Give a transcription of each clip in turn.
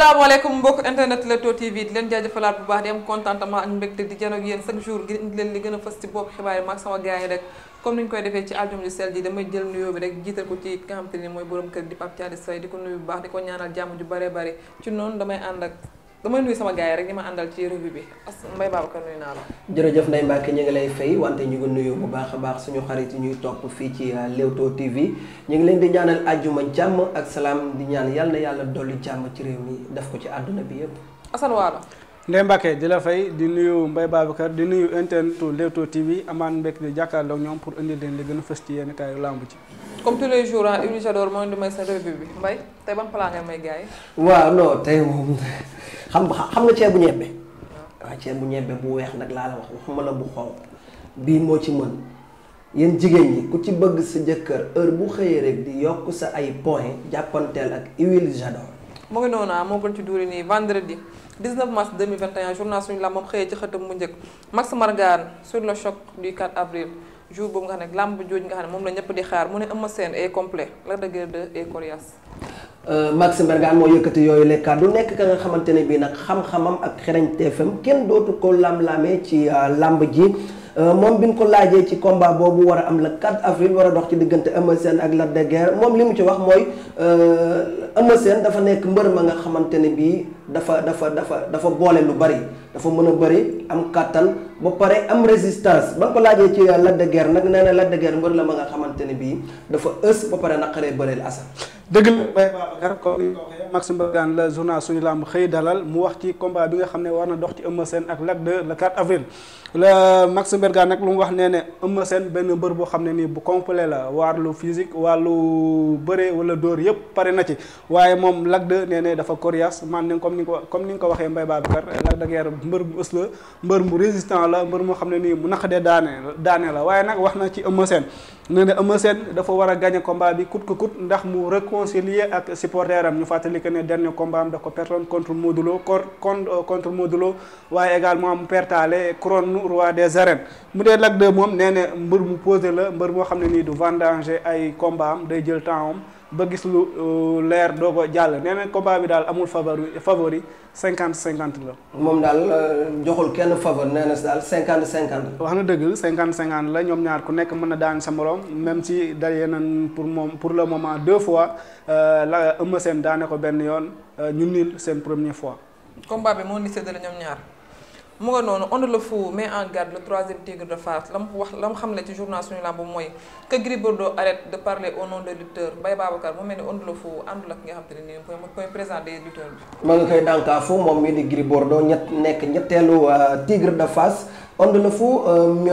salaamaaleykum mbokk internet Leewtoo TV di leen jaajëfalaat bu baax di am contentement ak mbégte di jano ak chaque jour ngir leen li gën a fës ci bopp xibaar yi maag sama gars rek comme ni ñu koy defee ci aljum ji sel ji damay jël nuyoo bi rek jiital ko ci ki mooy borom kër di Pape Thialis Faye di ko nuyu bu baax di ko ñaanal jàmm ju bare bare ci noonu damay ànd ak damay nuyu sama gars yi rek ñi ma àndal ci revue bi as Mbaye Babacar nuyu naa la. jërëjëf Ndeye Mbacke ñu ngi lay fay wante ñu ngi nuyu bu baax a baax suñu xarit ñuy topp fii ci euh, Leewtoo TV ñu ngi leen di ñaanal àjjuma jàmm ak salaam di ñaan yàlla na yàlla dolli jàmm ci réew mi def ko ci àdduna bi yëpp. Assane Waala. Ndeye Mbacke di la fay di nuyu Mbaye Babacar di nuyu internetu Leewtoo TV amaan mbekk di jàkkaarloo ak ñoom pour indi leen li gën a fës ci yenn kaayu lamb ci comme tous les jours ah Ibrahima Dior moo di may sa revue bi xam xam bu ñebbe. waaw bu ñebbe bu weex nag laa la wax waxuma la bu xonq bii moo ci mën yéen jigéen ñi ku ci bëgg sa jëkkër heure bu xëyee rek di yokk sa ay point jàppanteel ak huile mu ngi noonu ah, moo gën ci duuri nii vendredi. 19 mars 2021 journal suñu làmb moom xëyee ci xëtam mu njëkk Max Margan sur le choc du 4 avril jour boobu nga xam ne làmb jooj nga xam ne moom la ñëpp di xaar mu ne Eumeu Sène est complet la dëgër de et coriace. Euh, Max Margan moo yëkkati yooyu les cas du nekk ka nga xamante ne bii nag xam-xamam ak xereñ TFM kenn dootu ko lam-lamee ci euh, làmb ji. Euh, moom bi ñu ko laajee ci combat boobu war a am le 4 avril war a dox ci diggante Eumeu Sène ak Lac de moom li mu ci wax mooy euh, Eumeu Sène dafa nekk mbër ma nga xamante ne bii dafa dafa dafa dafa boole lu bari dafa mën a bëri am kàttan ba pare am résistance ba nga ko laajee ci euh, Lac de nag nee na Lac mbër la ma nga xamante ne bii dafa ës ba pare naqaree bëreel asal Max Mbargane la journal suñu làmb xëy dalal mu wax ci combat bi nga xam ne war na dox ci Eumeu Sène ak Lac 2 le 4 avril la Max nag lu mu wax nee ne Eumeu Sène benn mbër boo xam ne nii bu complet la wàllu physique wàllu bare wala dóor yëpp pare na ci waaye moom Lac 2 nee ne dafa coriace man ni comme ni nga ko comme ni nga ko waxee Mbaye Babacar Lac de Guiers mbër mu ës la mbër mu résistant la mbër moo xam ne nii mu naqadee daane daane la waaye nag wax na ci Eumeu Sène nee na Eumeu Sène dafa war a gagné combat bi coûte que coûte ndax mu réconcilier ak supporter am ñu fàttali que ne dernier combat am da ko pertoon contre Modou Lo cor euh, contre Modou waaye également mu pertaale couronne roi des arènes mu dee Lac 2 moom nee na mbër mu posé la mbër moo xam ne nii du vendanger ay combat am day jël temps am ba gis lu leer doo ko jàll nee na bi daal amul favori favori cinquante cinquante la. moom daal euh, joxul kenn favori nee na daal cinquante cinquante. wax na dëgg cinquante cinquante la ñoom ñaar ku nekk mën na daan sa morom même si daje nañ pour moom pour le moment deux fois euh, la Eumeu seen daane ko benn yoon euh, ñu niil seen première fois. combat bi moo ni séddale ñoom ñaar. mu nga noonu Onde le Fou met en garde le troisième tigre de Fass la mu wax la mu xamle ci journal suñu làmb mooy que Gris Bordeaux arrête de parler au nom de lutteur Mbaye Babacar mu mel ni Onde le Fou àndul ak ki nga xam te ne bi. moom mii di Gris Bordeaux ñett nekk ñetteelu euh, tigre de Fass. Onde euh,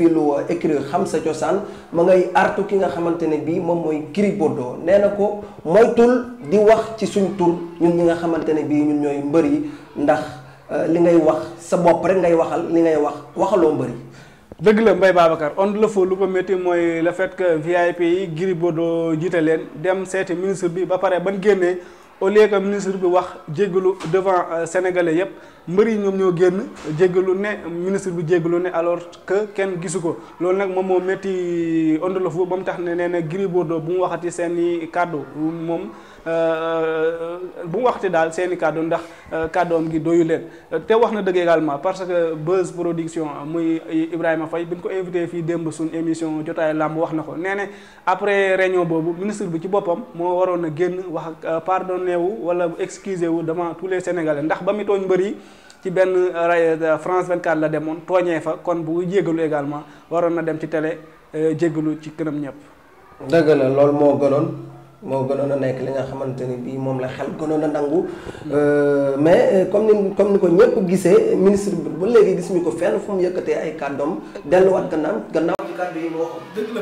euh, xam sa cosaan ma ngay artu ki nga xamante ne bii moom mooy Gris Bordeaux nee na ko moytul di wax ci suñ tur ñun ñi nga xamante ne bii ñun ñooy mbëri yi ndax. Euh, li ngay wax sa bopp rek ngay waxal li ngay wax waxaloo mbëri. dëgg la mbay Babacar on la faut lu ko métti mooy le fait que VIP yi Gris Bordeaux jiite leen dem seeti ministre bi ba pare ban génnee. au lieu que ministre bi wax jéggalu devant euh, sénégalais yëpp mbër yi ñoom ñoo génn jéggalu ne ministre bi jéggalu ne alors kenn gisu ko loolu nag moom moo métti Onde le ba mu tax ne nee na Gris Bordeaux bu mu waxati seen i kàddu moom euh, euh, bu mu waxati daal seen i kàddu ndax kàddoom gi doyu leen te wax na dëgg également parce que Buzz Production muy Ibrahima fay bi ñu ko invité fii démb suñ émission jotaay làmb wax na ko nee na après réunion boobu ministre bi ci boppam moo a génn condamné wu wala excusé wu devant tous les sénégalais ndax ba mu tooñ mbër ci benn euh, France 24 la demoon tooñee fa kon bu jéggalu également waroon na dem ci télé euh, jéggalu ci kënam ñëpp. dëgg la loolu moo gënoon. moo gënoon a nekk li nga xamante ni bii moom la xel gënoon a nangu. Euh, mais euh, comme ni comme ni ko ñëpp gisee ministre bi ba léegi gis ñu ko fenn fu mu yëkkatee ay kàddoom delluwaat gannaaw gannaaw. kàddu yi mu waxoon. dëgg la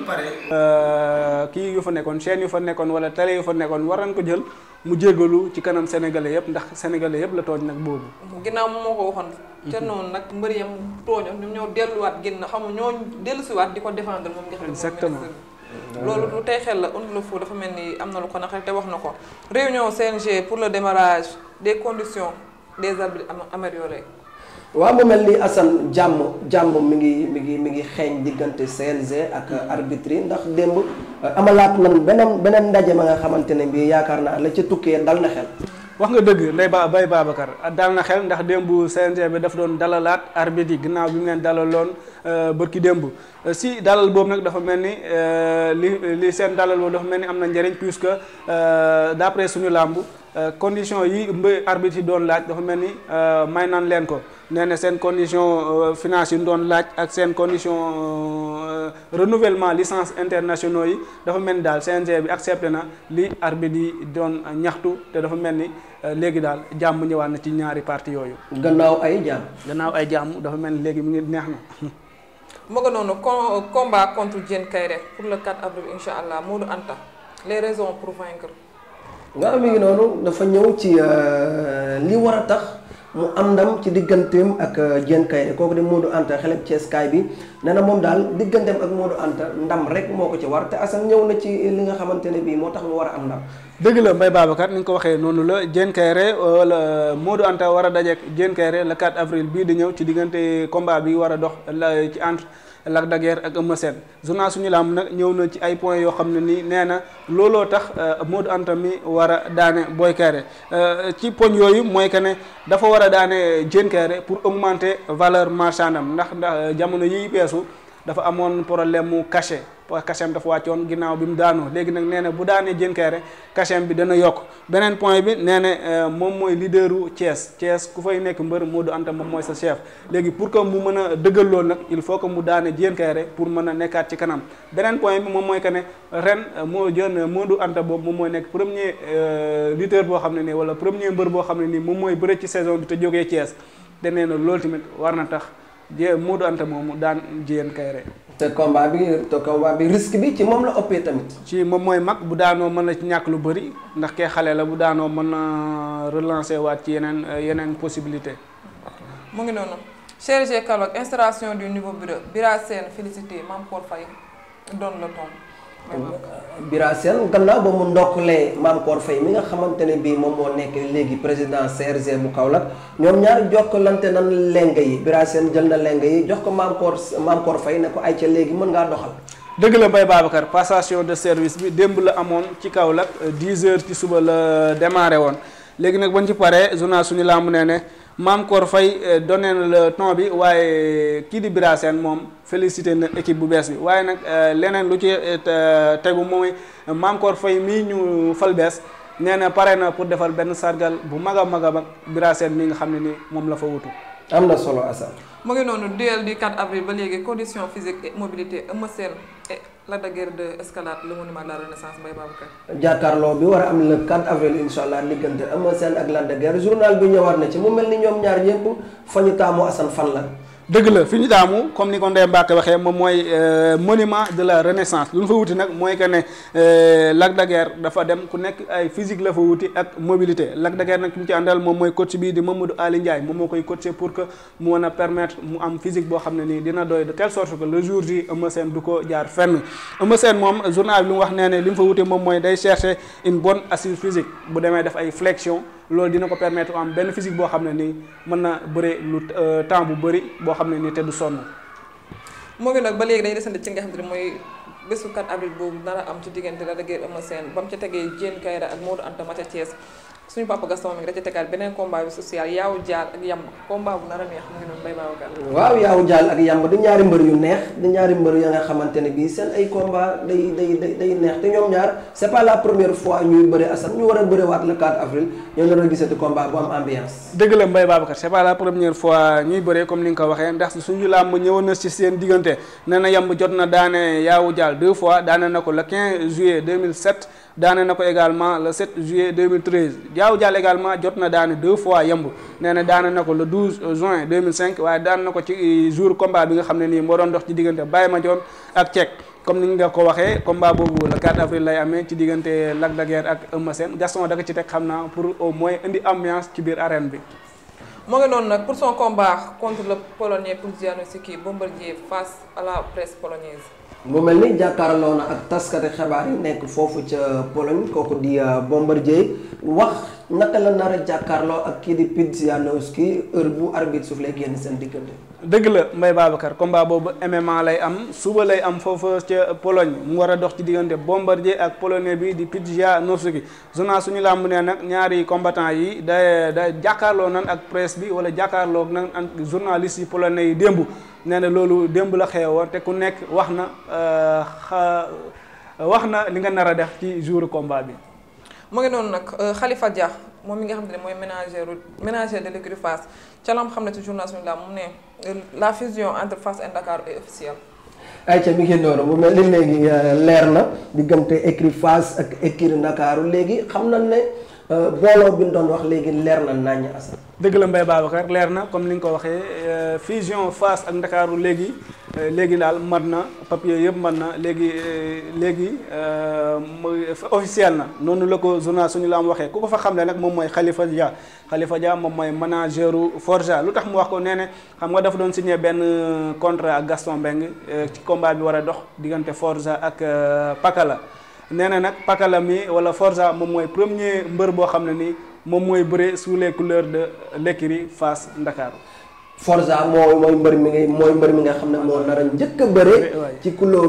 mbay euh, kii fa nekkoon chaîne yu fa nekkoon wala télé yu fa nekkoon war nañ ko jël mu jéggalu ci kanam sénégalais yëpp ndax sénégalais yëpp la tooñ nag boobu. ginnaaw moo ko waxoon. te mhm. noonu nag mbëri yam tooñoon ñoom ñoo delluwaat génn xam nga ñoo dellusiwaat di ko défendre moom. exactement Euh, loolu lu tey xel la Ondou Lofou dafa mel ni am na lu ko naqari te wax na ko réunion CNG pour le démarrage des conditions des arbitres améliorées waaw mu mel ni Assane jàmm jàmm mi ngi mi ngi mi ngi xeeñ diggante CNG ak arbitre ndax démb amalaat nañ beneen beneen ndaje ma nga xamante ne bii yaakaar naa la ca tukkee dal na xel wax nga dëgg nday ba bay Babacar daal na xel ndax démb CNG bi dafa doon dalalaat arbitre yi ginnaaw bi mu leen dalaloon euh, ki démb euh, si dalal boobu nag dafa mel ni euh, li li seen dalal boobu dafa mel ni am na njëriñ puisque d'après suñu làmb condition yi mba arbitre yi doon laaj dafa mel ni may naan leen ko nee na seen condition euh, finance yu ñu doon laaj ak seen condition euh, renouvellement licence internationaux yi dafa mel ni daal CNG bi accepté na li arbitre di doon ñaxtu te dafa mel ni euh, léegi daal jàmm ñëwaat na ci ñaari parti yooyu. gannaaw ay jàmm. gannaaw ay jàmm dafa mel ni léegi mu ngi neex na. moo ko noonu combat contre Diène Kaïré pour le 4 avril incha allah Modou Anta les raisons pour vaincre. nga mi ngi noonu dafa ñëw ci euh, li war a tax mu am ndam ci digganteem ak euh, Diène Kaïré kooku di Modou Anta xeleb Thiès kaay bi nee na moom daal digganteem ak Modou Anta ndam rek moo ko ci war te Assane ñëw na ci li nga xamante ne bii moo tax mu war a am ndam. dëgg la Mbaye Babacar ni nga ko waxee noonu la Diène Kaïré wala euh, Modou Anta war a dajeek Diène Kaïré le 4 avril bii di ñëw ci diggante combat bi war a dox la ci entre. Lac de Guiers ak Eumeu Sène journal suñu lamb nag ñëw na ci ay points yoo xam ne nii nee na looloo tax euh, Modou Anta mi war a daane Boy Kayré euh, ci poñ yooyu mooy que ne dafa war a daane Diène Kayré pour augmenter valeur marchande am ndax ndax euh, jamono yi peesu dafa amoon problème mu cachet kasem dafa wàccoon ginnaaw bi mu daanoo léegi nag nee na bu daanee Diène Kaïré kasem bi dana yokk beneen point bi nee na euh, moom mooy leaderu cees Thiès ku fay nekk mbër Modou Anta moom mooy sa chef léegi pour que mu mën a dëggal loolu nag il faut que mu daane Diène Kaïré pour mën a nekkaat ci kanam beneen point bi moom mooy que ne ren euh, moo jën euh, Modou Anta boobu moom mooy nekk premier leader boo xam ne nii wala premier mbër boo xam ne nii moom mooy bëre ci saison bi te jógee Thiès te nee loolu tamit war na tax mu Modou Anta moomu daan Diène Kairé. te combat bi te combat bi risque bi ci moom la ëppee tamit. ci moom mooy mag bu daanoo mën na ci ñàkk lu bëri ndax kee xale la bu daanoo mën na relancer waat ci yeneen euh, yeneen possibilité. mu ngi noonu. chirurgie cardiaque installation du nouveau bureau Bira Sène félicité Mame Paul Faye donne le ton. Bira Sène gannaaw ba mu ndokkalee Maam Koor fay mi nga xamante ne bii moom moo nekk léegi président CRG bu Kaolack ñoom ñaar jokkalante nan leng yi Bira Sène jël na leng yi jox ko Maam Koor Maam Koor Faye ne ko ay ca léegi mën ngaa doxal. dëgg la Baye Babacar passation de service bi démb la amoon ci Kaolack 10 heures ci suba la démarré woon léegi nag bañ ci paree journal suñu mu nee ne. maam Kor Faye eh, donné na le temps bi waaye eh, kii di Bira moom félicité na équipe bu bees bi waaye nag eh, leneen lu ci tegu mooy maam Kor Faye mii ñu fal bees nee na pare na pour defal benn sargal bu mag a mag a mag Bira Sène mii nga xam ne ni moom la fa wutu am na solo Assane. mu ngi noonu duel du 4 avril ba léegi condition physique et mobilité Eumeu Sène Lac de Guiers 2 escalade le monument de la bi war a am le 4 avril incha allah diggante Eumeu Sène ak Lac de Guiers journal bi ñëwaat na ci mu mel ni ñoom ñaar ñëpp fa ñu taamu Assane fan la. dëgg la fi ñu daamu comme ni ko Ndeye Mbacke waxee moom mooy euh, monument de la renaissance lu ñu fa wuti nag mooy que ne euh, Lac de Guiers dafa dem ku nekk ay physique la fa wuti ak mobilité Lac de Guiers nag ki mu ci àndal moom mooy coach bii di Mamadou Ali Ndiaye moom moo koy coacher pour que mu mën a permettre mu am physique boo xam ne nii dina doy de telle le jour J Eumeu Sène du ko jaar fenn Eumeu Sène moom journal bi lu mu wax nee ne li mu fa wuti moom mooy day chercher une bonne assise physique demee def ay flexion loolu dina ko permettre am benn physique boo xam ne nii mën na bëre lu euh, temps bu bëri boo xam ne nii te du sonn. moo ngi nag ba léegi day desandi ci nga xam mooy bésu 4 avril boobu nar a am ci diggante la dëgg Eumeu Sène ba mu ca tegee jén Kaïré ak moo Modou a Mathia Thiès suñu papa Gaston mi da ca tegaat beneen combat bi social yaawu jaal ak yamb combat bu nar a mu ngi noonu Mbaye waaw yaawu jaal ak yamb di ñaari mbër yu neex di ñaari mbër ya nga xamante ne bii seen ay combat day day day neex te ñoom ñaar c'est première fois ñuy bëre asam ñu war a bëre waat le 4 avril ñoo nar a gisati combat bu am ambiance dëgg la Mbaye Babacar c'est première fois ñuy bëree comme ni nga ko waxee ndax suñu làmb ñëwoon na seen diggante nee jot na daane yaawu jaal deux fois daane na ko le 15 juillet daane na ko également le 7 juillet 2013 Diao Diallo également jot na daane deux fois yemb nee na daane na ko le 12 juin 2005 waaye daan na ko ci jour combat bi nga xam ne nii moo doon dox ci diggante Baye Mandione ak Cech comme ni nga ko waxee combat boobu le 4 avril lay amee ci diggante Lac de Guiers ak Eumeu Sène Gaston da ci teg xam naa pour au moins indi ambiance ci biir arène bi. moo ngi noonu nag pour son combat contre le polonais Pudzianowski Bombardier face à la presse polonaise. mu mel ni jàkkaarloo na ak taskati xabaar yi nekk foofu ca Pologne kooku di euh, Bombardier wax naka la nar a jàkkaarloo ak kii di Pudzianowski heure bu arbitre suuf lay génn seen diggante. dëgg la Mbaye Babacar combat boobu MMA lay am suba lay am foofa ca Pologne mu war a dox ci diggante Bombardier ak polonais bi di Pudzianowski journal suñu làmb ne nag ñaari combattant yi da da jàkkaarloo nan ak presse bi wala jàkkaarloo nan ak journaliste yi polonais yi démb nee na loolu démb la xewoon te ku nekk wax na euh, wax na li nga nar a def ci jour komba bi. mu ngi noonu nag euh, Khalifa Dia. moom mi nga xam ne mooy ménager ménager de l'écurie Fass ca la xam ne ci journal suñu daal mu ne euh, la fusion entre Fass et Dakar est officielle. ayca mi ngi noonu mu mel ni léegi euh, leer na diggante écurie Fass ak écurie Ndakaaru léegi xam nañ ne. Euh, booloo bi ñu doon wax léegi leer na naññ Assane. dëgg la Mbaye Babacar leer na comme ni nga ko waxee euh, fusion Fass ak Ndakaaru léegi euh, léegi daal mat na papier yëpp mat na léegi léegi officiel na noonu la ko journal suñu la am waxee ku ko fa xam ne nag moom mooy Khalifa Dia Khalifa Dia moom mooy manageru Forja lu tax mu wax ko nee ne xam nga dafa doon signé benn contrat ak Gaston Mbengue ci combat bi war a dox diggante Forja ak Pakala. nee na nag Pakalami wala Forza moom mooy premier mbër boo xam ne ni moom mooy bëre sous les couleurs de l'écurie Fass Ndakaaru Forza moo mooy mbër mi nga mooy mbër mi nga xam ne moo nar a njëkk a bëre ci couleur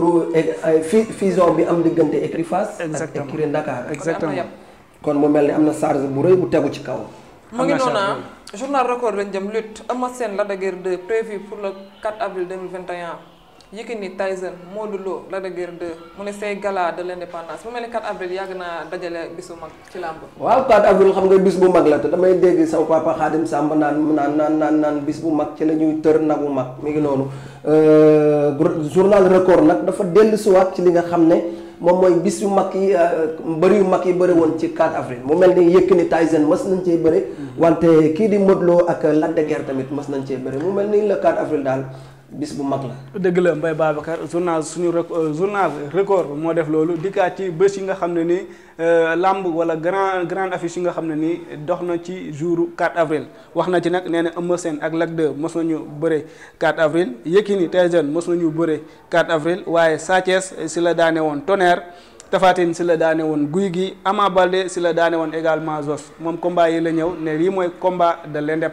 fi fusion bi am diggante écurie Fass ak écurie Ndakaar exactement kon mu mel ni am na charge bu rëy bu tegu ci kaw mu ngi noona ah. journal record lañ jëm lutte Eumeu Sène Lac de Guiers 2 prévu pour le 4 Yékini Tyson Modou Lo Lac de Guiers 2 mu ne say gala de l' indépendance bu mel ni yàgg naa dajale bisu mag ci làmb. waaw 4 avril xam nga bis bu mag la damay dégg sama papa Xaadim Sàmb naan naan naan naan bis bu mag ci la ñuy tër nagu mag mi ngi noonu euh, journal record nag dafa dellu siwaat ci li nga xam ne. moom mooy bis yu mag yi euh, mbër yu mag yi bëri woon ci 4 avril mu mel ni Yékini Tyson nañ cee bëri mm-hmm. wante kii di Modou ak Lac de mas nañ cee bëri mu mel ni le 4 avril daal bis bu mag la. dëgg la Mbaye Babacar journal suñu euh, journal record moo def loolu dikkaat ci bés yi nga xam ne ni euh, làmb wala grand grande affiche yi nga xam ne nii dox na ci jouru 4 avril wax na ci nag nee na Eumeu Sène ak Lac 2 mos nañu bëre 4 avril Yékini Tyson mos ñu bëre 4 avril waaye Sa si la daane woon tonnerre. Tafatine si la daane woon guy gi Ama Balde si la daane woon également Zos moom combat yi la ñëw ne lii mooy combat de l'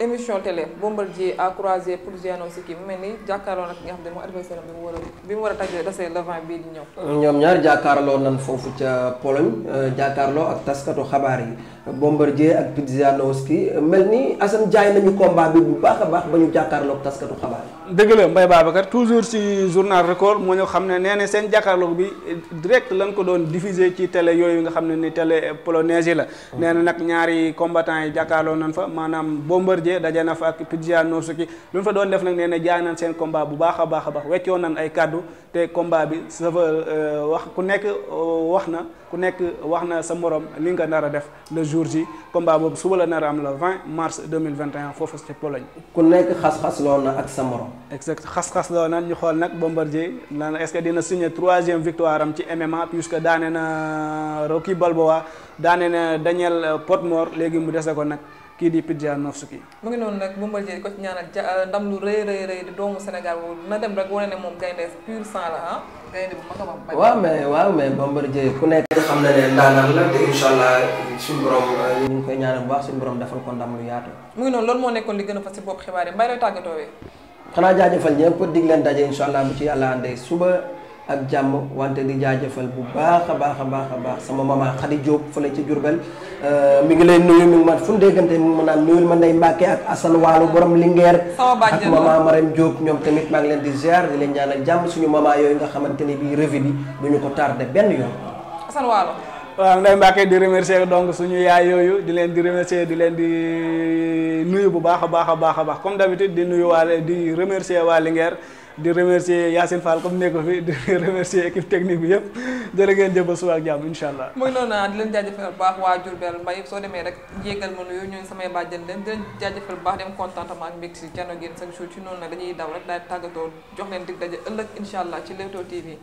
émission télé Bombardier a croisé Pugliano Siki mu mel ni jàkkaarloo nag nga xam ne moom mu war a a tàggee dasee le vent bii di ñëw. ñoom ñaar jàkkaarloo nan foofu ca Pologne euh, jàkkaarloo ak taskatu xabaar yi Bombardier ak Pudzianowski mel ni Assane jaay nañu combat bi bu baax a baax ba ñu jàkkaarloo ak taskatu xabaar yi. dëgg la Mbaye Babacar toujours ci journal record moo ñu xam ne nee seen jàkkaarloo bi direct lañ ko doon diffusé ci télé yooyu nga xam ne ni télé polonaise la. Mm. nee na nag ñaari combattant yi jàkkaarloo nan fa maanaam Bombardier daje daje na fa ak Pudzianowski ki lu ñu fa doon def nag nee na jaay nañ seen combat bu baax a baax a baax weccoo nañ ay kàddu te combat bi Sauveur wax ku nekk euh, wax na ku nekk wax na sa morom li nga nar a def le jour ji combat boobu suba la nar am la 20 mars 2021 foofu ci Pologne. ku nekk xas-xas loo na ak sa morom. exact xas-xas loo na ñu xool nag Bombardier lan est-ce que dina signer troisième victoire am ci MMA que daane na Rocky Balboa daane na Daniel Potmore léegi mu dese ko nag. kii di Pidja Nofsuki mu ngi noonu nag Bombardier ko ci ñaanal euh, ndam lu rëy rëy di doomu Sénégal boobu na dem rek wane ne moom gaynde pur sang la ah gaynde bu mag a mag waaw mais waaw mais Bombardier ku nekk xam na ne ndaanaan la te incha allah suñu borom euh, ñu ko ndam lu yaatu mu ngi moo nekkoon li gën a fas si bopp xibaar yi mbay looy tàggatoo wee xanaa jaajëfal ñëpp dig leen daje incha allah bu ci yàlla àndee suba ak jàmm wante di jaajëfal bu baax a baax a baax a baax sama mama Khady Diop fële ci Diourbel euh, mi ngi leen nuyu mi ngi man fu ñu déggante mu naa naan nuyul ma Ndeye Mbacke ak Assane Walu borom Linguère ak mama Marème jóob ñoom tamit maa ngi leen di ziar di leen ñaanal jàmm suñu mama yooyu nga xamante ni bii revue bi du ñu ko tardé benn yoon Assane Walu waaw Ndeye Mbacke di remercier donc suñu yaay yooyu di leen di remercier di leen di nuyu bu baax a baax a baax a baax comme d'habitude di nuyu waa di remercier waa Linguère di remercier Yacine Fall comme nekk fi di remercier équipe technique bi yëpp jërë ngeen jëf ba suba ak jàmm incha allah muy noonu ah, di leen jaajëfal baax waa Diourbel Mbaye soo demee rek jéegal ma nuyu ñun samay bàjjen leen di leen jaajëfal baax dem contentement ak mbégte si jano géen noonu nag dañuy daw rek daal tàggatoo jox leen dig daje ëllëg incha allah ci Leewtoo TV